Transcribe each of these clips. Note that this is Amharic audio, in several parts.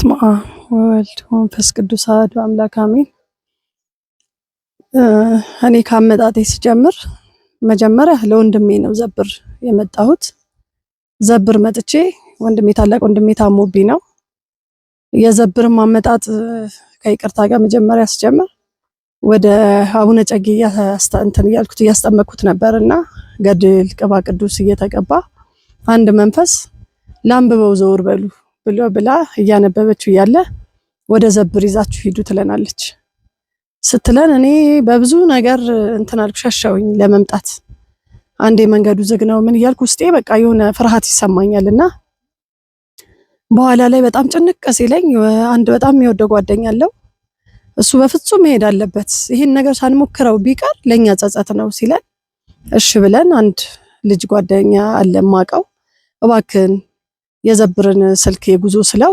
በስመ አብ ወወልድ ወመንፈስ ቅዱስ አሐዱ አምላክ አሜን። እኔ ከአመጣጤ ስጀምር መጀመሪያ ለወንድሜ ነው ዘብር የመጣሁት። ዘብር መጥቼ ወንድሜ ታላቅ ወንድሜ ታሞቢ ነው። የዘብርም አመጣጥ ከይቅርታ ጋር መጀመሪያ ስጀምር ወደ አቡነ ጨጌ እንትን እያልኩት እያስጠመቅኩት ነበርና ገድል ቅባ ቅዱስ እየተቀባ አንድ መንፈስ ላንብበው ዘውር በሉ ብሎ ብላ እያነበበችው እያለ ወደ ዘብር ይዛችሁ ሂዱ ትለናለች። ስትለን እኔ በብዙ ነገር እንትን አልኩ፣ ሸሸውኝ ለመምጣት አንዴ መንገዱ ዝግ ነው ምን እያልኩ ውስጤ በቃ የሆነ ፍርሃት ይሰማኛል እና በኋላ ላይ በጣም ጭንቅ ሲለኝ አንድ በጣም የሚወደው ጓደኛ አለው። እሱ በፍጹም መሄድ አለበት ይህን ነገር ሳንሞክረው ቢቀር ለእኛ ጸጸት ነው ሲለን፣ እሺ ብለን አንድ ልጅ ጓደኛ አለ ማቀው እባክን የዘብርን ስልክ የጉዞ ስለው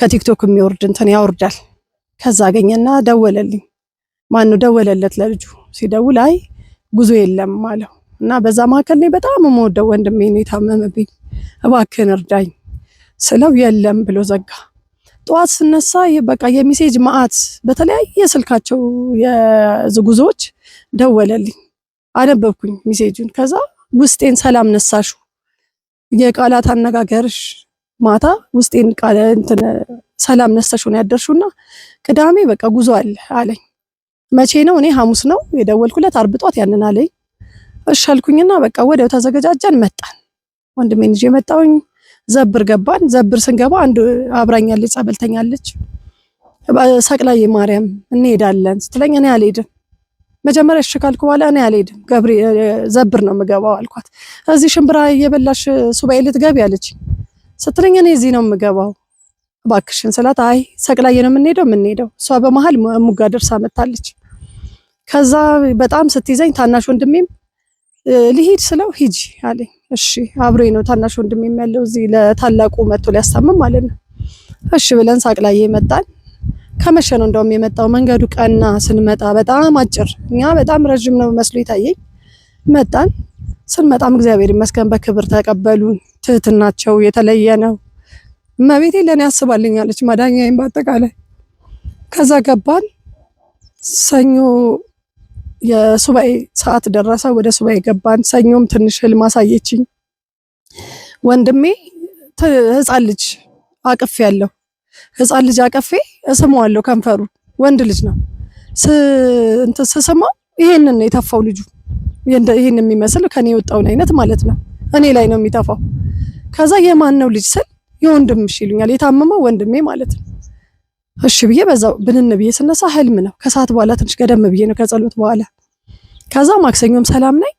ከቲክቶክ የሚወርድ እንትን ያወርዳል። ከዛ አገኘና ደወለልኝ። ማን ነው ደወለለት? ለልጁ ሲደውል አይ ጉዞ የለም አለው እና በዛ መካከል እኔ በጣም የምወደው ወንድሜ ነው የታመመብኝ፣ እባክህን እርዳኝ ስለው የለም ብሎ ዘጋ። ጠዋት ስነሳ በቃ የሚሴጅ ማአት በተለያየ ስልካቸው የጉዞዎች ደወለልኝ። አነበብኩኝ ሚሴጁን። ከዛ ውስጤን ሰላም ነሳሹ የቃላት አነጋገርሽ ማታ ውስጤን ቃለ እንትን ሰላም ነስተሽ ሆነ ያደርሽውና ቅዳሜ በቃ ጉዞ አለ አለኝ። መቼ ነው? እኔ ሐሙስ ነው የደወልኩለት፣ አርብጧት ጧት ያንን አለኝ። እሺ አልኩኝና በቃ ወደው ተዘገጃጀን፣ መጣን። ወንድሜን ይዤ መጣሁኝ። ዘብር ገባን። ዘብር ስንገባ አንድ አብራኛለች፣ ጸበልተኛለች። ሰቅላዬ ማርያም እንሄዳለን ስትለኝ እኔ አልሄድም መጀመሪያ እሺ ካልኩ በኋላ እኔ አልሄድም ገብሪ ዘብር ነው የምገባው አልኳት። እዚህ ሽምብራ እየበላሽ ሱባኤ ልትገቢ አለች ስትለኝ እኔ እዚህ ነው የምገባው እባክሽን ስላት፣ አይ ሰቅላዬ ነው የምንሄደው የምንሄደው። እሷ በመሀል ሙጋ ደርሳ መታለች። ከዛ በጣም ስትይዘኝ ታናሽ ወንድሜም ልሂድ ስለው ሂጂ አለኝ። እሺ አብሬ ነው ታናሽ ወንድሜም ያለው እዚህ ለታላቁ መጥቶ ሊያሳምም ማለት ነው። እሺ ብለን ሳቅላዬ መጣን። ከመሸ ነው እንደውም የመጣው። መንገዱ ቀና ስንመጣ በጣም አጭር፣ እኛ በጣም ረዥም ነው መስሎ ይታየኝ። መጣን። ስንመጣም እግዚአብሔር ይመስገን በክብር ተቀበሉን። ትህትናቸው የተለየ ነው። እመቤቴ ለእኔ አስባልኛለች፣ ማዳኛዬም በአጠቃላይ። ከዛ ገባን። ሰኞ የሱባኤ ሰዓት ደረሰ። ወደ ሱባኤ ገባን። ሰኞም ትንሽ ህልም አሳየችኝ። ወንድሜ ህፃን ልጅ አቅፍ ያለው ህፃን ልጅ አቀፌ እስመዋለሁ። ከንፈሩ ወንድ ልጅ ነው። ስስመው ይሄንን ነው የተፋው ልጁ። ይሄን የሚመስል ከኔ የወጣውን አይነት ማለት ነው። እኔ ላይ ነው የሚተፋው። ከዛ የማን ነው ልጅ ስል የወንድምሽ ይሉኛል። የታመመው ወንድሜ ማለት ነው። እሺ ብዬ በዛው ብንን ብዬ ስነሳ ህልም ነው። ከሰዓት በኋላ ትንሽ ገደም ብዬ ነው ከጸሎት በኋላ። ከዛ ማክሰኞም ሰላም ላይ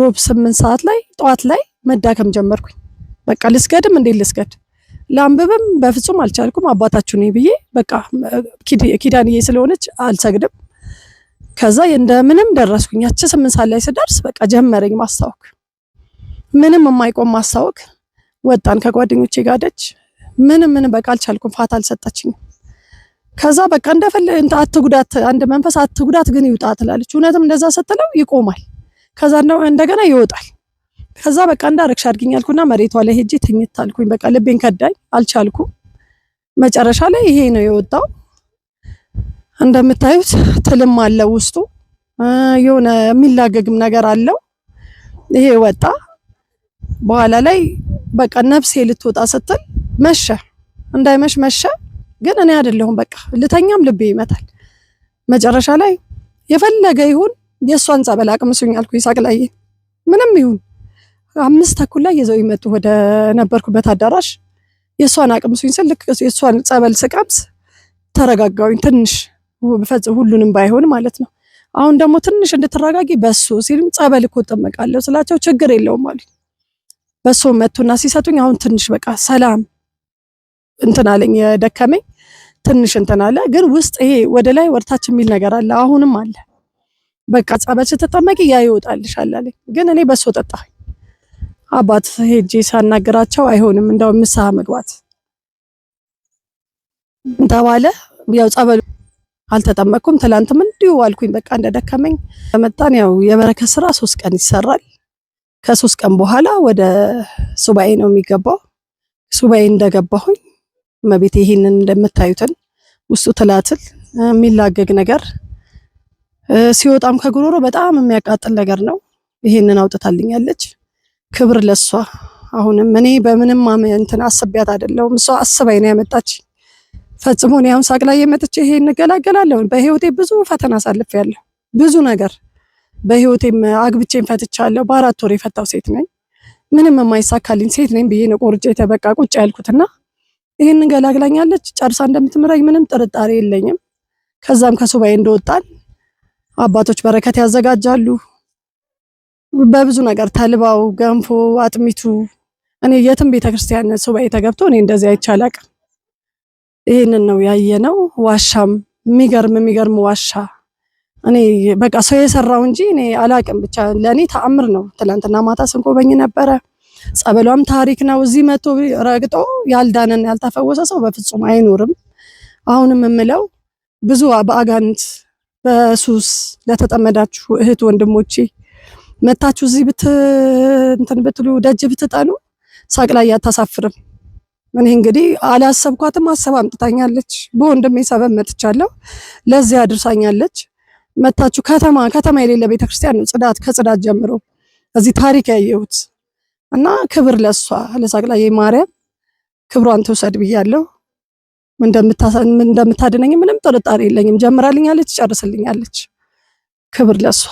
ሮብ ስምንት ሰዓት ላይ ጠዋት ላይ መዳከም ጀመርኩኝ። በቃ ልስገድም እንዴት ልስገድ ለአንብብም በፍጹም አልቻልኩም። አባታችሁ ነኝ ብዬ በቃ ኪዳንዬ ስለሆነች አልሰግድም። ከዛ እንደምንም ደረስኩኝ። ያቺ ስምንት ሰዓት ላይ ስደርስ በቃ ጀመረኝ ማስታወክ፣ ምንም የማይቆም ማስታወክ። ወጣን ከጓደኞቼ ጋደች ምንም ምንም በቃ አልቻልኩም። ፋታ አልሰጠችኝም። ከዛ በቃ እንደፈለ አትጉዳት፣ አንድ መንፈስ አትጉዳት ግን ይውጣ ትላለች። እውነትም እንደዛ ስትለው ይቆማል። ከዛ እንደገና ይወጣል። ከዛ በቃ እንዳረግሽ አድርጊኝ አልኩና መሬቷ ላይ ሄጄ ተኝት አልኩኝ። በቃ ልቤን ከዳኝ፣ አልቻልኩ። መጨረሻ ላይ ይሄ ነው የወጣው። እንደምታዩት ትልም አለው ውስጡ የሆነ የሚላገግም ነገር አለው። ይሄ ወጣ። በኋላ ላይ በቃ ነፍሴ ልትወጣ ስትል መሸ፣ እንዳይመሽ መሸ። ግን እኔ አይደለሁም በቃ ልተኛም፣ ልቤ ይመታል። መጨረሻ ላይ የፈለገ ይሁን የእሷን ጸበል አቅምሱኝ አልኩ። ይሳቅ ላይ ምንም ይሁን አምስት ተኩል ላይ ይዘው ይመጡ ወደ ነበርኩበት አዳራሽ። የእሷን አቅምሱኝ ስል ልክ የእሷን ጸበል ስቀምስ ተረጋጋሁኝ። ትንሽ በፈጽሞ ሁሉንም ባይሆን ማለት ነው። አሁን ደግሞ ትንሽ እንድትረጋጊ በሱ ሲልም ጸበል እኮ እጠመቃለሁ ስላቸው ችግር የለውም አሉኝ። በሱ መቱና ሲሰጡኝ አሁን ትንሽ በቃ ሰላም እንትን አለኝ። የደከመኝ ትንሽ እንትን አለ፣ ግን ውስጥ ይሄ ወደ ላይ ወርታች የሚል ነገር አለ፣ አሁንም አለ። በቃ ጸበል ስትጠመቂ ያ ይወጣልሻል አለኝ። ግን እኔ በሱ ጠጣሁኝ። አባት ሄጄ ሳናገራቸው አይሆንም፣ እንደውም ንስሐ መግባት ተባለ። ያው ጸበሉ አልተጠመቅኩም። ትላንትም እንዲሁ አልኩኝ፣ በቃ እንደደከመኝ መጣን። ያው የበረከት ስራ ሶስት ቀን ይሰራል። ከሶስት ቀን በኋላ ወደ ሱባኤ ነው የሚገባው። ሱባኤ እንደገባሁኝ መቤት ይህንን እንደምታዩትን ውስጡ ትላትል የሚላገግ ነገር ሲወጣም ከጉሮሮ በጣም የሚያቃጥል ነገር ነው። ይህንን አውጥታልኛለች። ክብር ለሷ። አሁንም እኔ በምንም እንትን አስቤያት አይደለሁም፣ እሷ አስባይ ነው ያመጣች ፈጽሞ። እኔ አሁን ሳቅ ላይ የመጥቼ ይሄ እንገላገላለሁ። በህይወቴ ብዙ ፈተና አሳልፌያለሁ፣ ብዙ ነገር በህይወቴም አግብቼን ፈትቻለሁ። በአራት ወር የፈታው ሴት ነኝ። ምንም የማይሳካልኝ ሴት ነኝ ብዬ ነው ቆርጬ ቁጭ ያልኩትና ይህን ገላግላኛለች። ጨርሳ እንደምትምራኝ ምንም ጥርጣሬ የለኝም። ከዛም ከሱባኤ እንደወጣን አባቶች በረከት ያዘጋጃሉ። በብዙ ነገር ተልባው፣ ገንፎ፣ አጥሚቱ እኔ የትም ቤተክርስቲያን ሱባኤ ተገብቶ እኔ እንደዚህ አይቼ አላቅም። ይህንን ነው ያየነው። ዋሻም የሚገርም የሚገርም ዋሻ እኔ በቃ ሰው የሰራው እንጂ እኔ አላቅም። ብቻ ለእኔ ተአምር ነው። ትላንትና ማታ ስንጎበኝ ነበረ። ጸበሏም ታሪክ ነው። እዚህ መቶ ረግጦ ያልዳነን ያልተፈወሰ ሰው በፍጹም አይኖርም። አሁንም የምለው ብዙ በአጋንት በሱስ ለተጠመዳችሁ እህት ወንድሞቼ መታችሁ እዚህ ብት እንትን ብትሉ ደጅ ብትጠኑ ሳቅ ላይ አታሳፍርም። እኔ እንግዲህ አላሰብኳትም፣ አሰብ አምጥታኛለች። በወንድሜ ሰበብ መጥቻለሁ፣ ለዚህ አድርሳኛለች። መታችሁ ከተማ ከተማ የሌለ ቤተክርስቲያን ነው። ጽዳት ከጽዳት ጀምሮ እዚህ ታሪክ ያየሁት እና ክብር ለሷ ለሳቅላዬ ማርያም ክብሯን ትውሰድ ብያለሁ። እንደምታድነኝ ምንም ጥርጣሬ የለኝም። ጀምራልኛለች፣ ጨርስልኛለች። ክብር ለሷ